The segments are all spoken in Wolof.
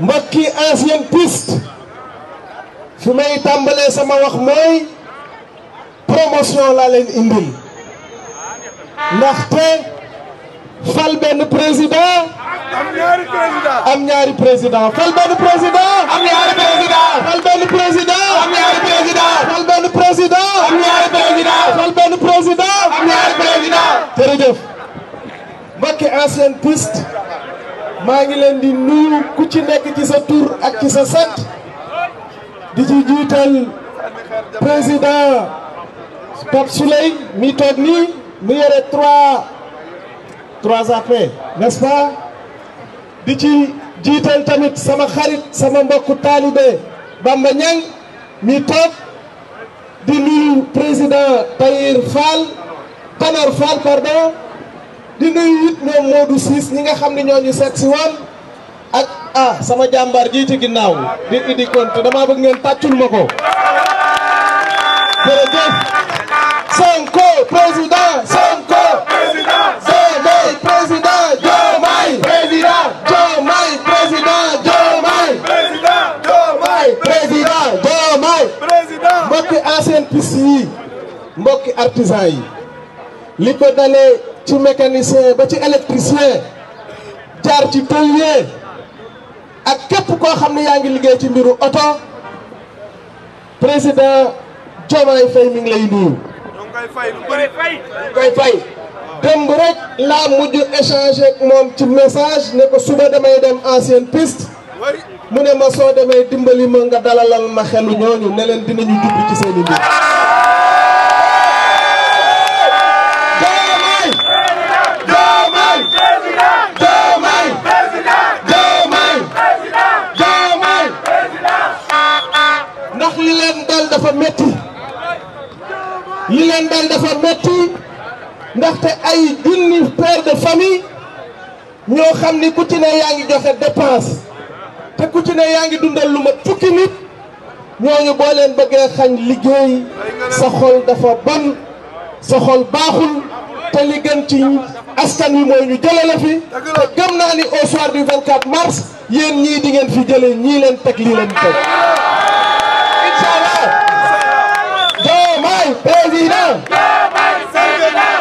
mbokki ancienne piste je suis sama wax promotion la len indil fal président am ñaari président am ñaari président fal président am président fal président am président fal président am président président piste maa ngi leen di nuyu ku ci nekk ci sa tur ak ci sa sant di ci jiital président Pape Souley mi toog nii mu yore trois trois AP di ci jiital tamit sama xarit sama mbokku taalibe Bamba Niang mi toog di nuyu président Tahir Fall Tanor Fall pardon di nuyu it ñoom Modou Ciss ñi nga xam ne ñoo ñu seet si woon ak ah sama jàmbaar ji ci ginnaaw di Idi Konte damaa bëgg ngeen tàccul ma ko. jërëjëf Sonko président président Diomaye président président Diomaye président Diomaye. président Diomaye. président Diomaye. président mbokki ancienne piste yi mbokki artisan yi. li ko dalee ci mécanicien ba ci électricien jaar ci tôlier ak képp koo xam ne yaa ngi liggéey ci mbiru oto président Diomaye Faye mi ngi lay nuyu. koy fay koy fay. démb rek laa mujj échanger moom ci message ne ko suba damay dem ancienne piste mu ne ma soo demee dimbali ma nga dalalal ma xelu ñooñu ne leen dinañu jubbi ci seen mbir. li leen dal dafa metti ndaxte ay junni père de famille ñoo xam ni ku ci yaa ngi joxe dépense te ku yaa ngi dundal lu ma fukki nit ñooñu boo leen bëggee xañ liggéey sa xol dafa bon sa xol baaxul te li gën ci askan wi mooy ñu jële la fi te gëm naa ni au soir du 24 mars yéen ñii di ngeen fi jële ñii leen teg lii leen teg président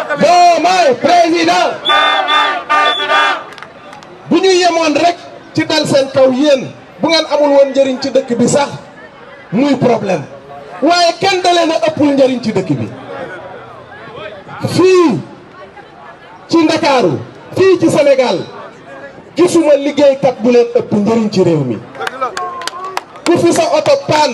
Diomaye président Diomaye président Diomaye président bu ñu yemoon rek ci dal seen kaw yéen bu ngeen amul woon njëriñ ci dëkk bi sax muy problème waaye kenn da leen a ëppul njëriñ ci dëkk bi fii ci Ndakaaru fii ci Sénégal gisuma liggéeykat bu leen ëpp njëriñ ci réew mi ku fi sa oto paan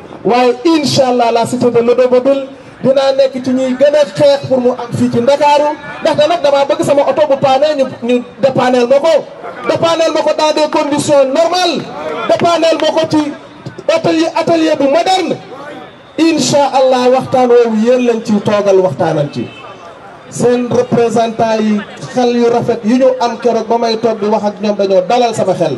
waaye incha allah la cité de Lodobodul dinaa nekk ci ñuy gën a xeex pour mu am fii ci Ndakaaru ndaxte nag damaa bëgg sama oto bu paanee ñu ñu dépaneel ma ko dépaneel ma ko dans des conditions normales dépaneel ma ko ci atelier atelier bu moderne incha allah waxtaan woowu yéen lañ ci toogal waxtaanal ci seen représentant yi xel yu rafet yu ñu am keroog ba may toog di wax ak ñoom dañoo dalal sama xel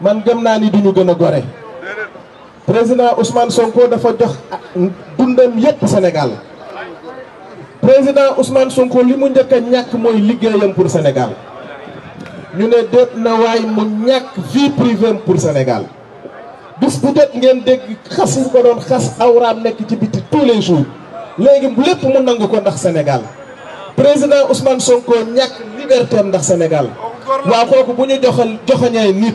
man gëm na ni duñu gëna goré président Ousmane Sonko dafa jox dundam yépp Sénégal président Ousmane Sonko limu ñëk ñak moy ñàkk liggéeyam pour Sénégal ñu né dëpp na way mu ñak vie privée pour Sénégal bis bu dëpp ngeen dégg xass bu ko doon xass awraam nek ci biti tous les jours bu lépp mu nang ko ndax Sénégal président Ousmane Sonko ñak liberté ndax Sénégal wa koku buñu joxal nit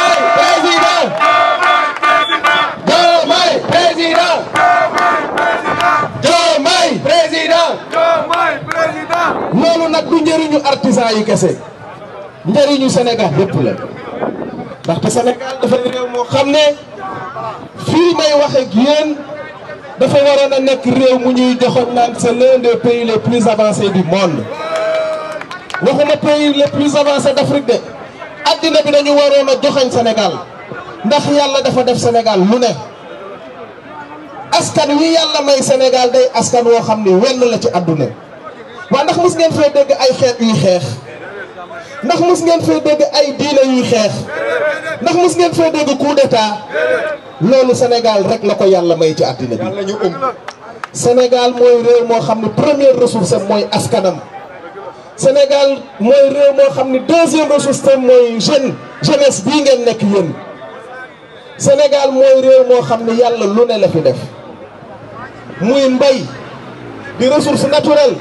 loolu nag du njëriñu artisan yi kese njëriñu Sénégal yëpp la ndaxte Sénégal dafa réew moo xam ne fii may wax ak dafa waroon a nekk réew mu ñuy joxoon naan c'est pays les plus avancés du monde waxuma pays les plus avancés d'Afrique de addina bi dañu waroon ma joxañ Sénégal ndax yàlla dafa def Sénégal lu ne askan wi yàlla may Sénégal day askan woo xam ni wenn la ci àdduna waa ndax mos ngeen fee dégg ay xeet yuy xeex ndax mos ngeen fee dégg ay diine yuy xeex ndax mos ngeen fee dégg coup d'état loolu Sénégal rek la ko yàlla may ci addina bi. Um. Sénégal mooy réew moo xam ne première ressource am mooy askanam. Sénégal mooy réew moo xam ni deuxième ressource tam mooy jeune jeunesse bii ngeen nekk yéen senegal mooy réew moo xam ni yàlla lu ne la fi def muy mbay di ressource naturelle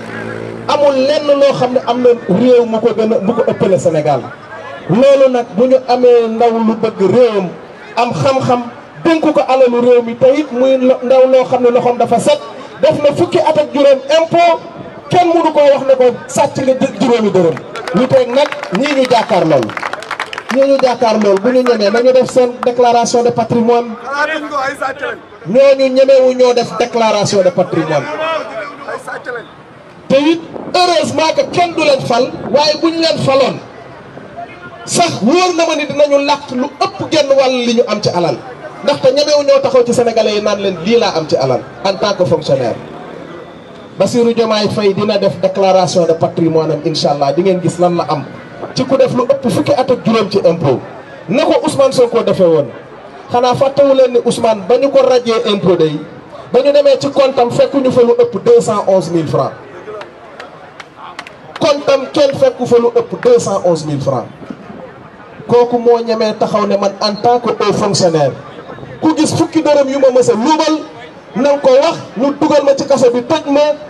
amul lenn loo xam ne am na réew mu ko bu ko ëppale Sénégal loolu nag bu ñu amee ndaw lu bëgg réewam am xam-xam dénk ko alalu réew mi te it muy ndaw loo xam ne loxoom dafa set def na fukki at juróom impôt kenn mënu koo wax ne ko sàcc nga juróomi dërëm ñu nag ñii ñu jàkkaar lool ñii ñu jàkkaar lool bu ñu ñemee nañu def seen déclaration de patrimoine ñooñu ñemewu ñoo def déclaration de patrimoine te it heureusement que kenn du leen fal waaye bu ñu leen faloon sax wóor na ma ni dinañu làq lu ëpp genn wàll li ñu am ci alal ndax ndaxte ñemewu ñoo taxaw ci sénégalais yi naan leen lii laa am ci alal en tant que fonctionnaire Bassirou Diomaye Faye dina def déclaration de patrimoine am incha allah di ngeen gis lan la am ci ku def lu ëpp fukki at ak juróom ci impôt na ko soo Sonko defee woon xanaa fàttewu leen ni Ousmane ba ñu ko rajee impôt day ba ñu demee ci kontam fekkuñu fa lu ëpp deux cent onze mille francs kontam kenn fekku fa lu ëpp deux cent onze mille francs kooku moo ñemee taxaw ne man en tant que haut fonctionnaire ku gis fukki dërëm yu ma mës a luubal na ko wax ñu dugal ma ci kaso bi toj ma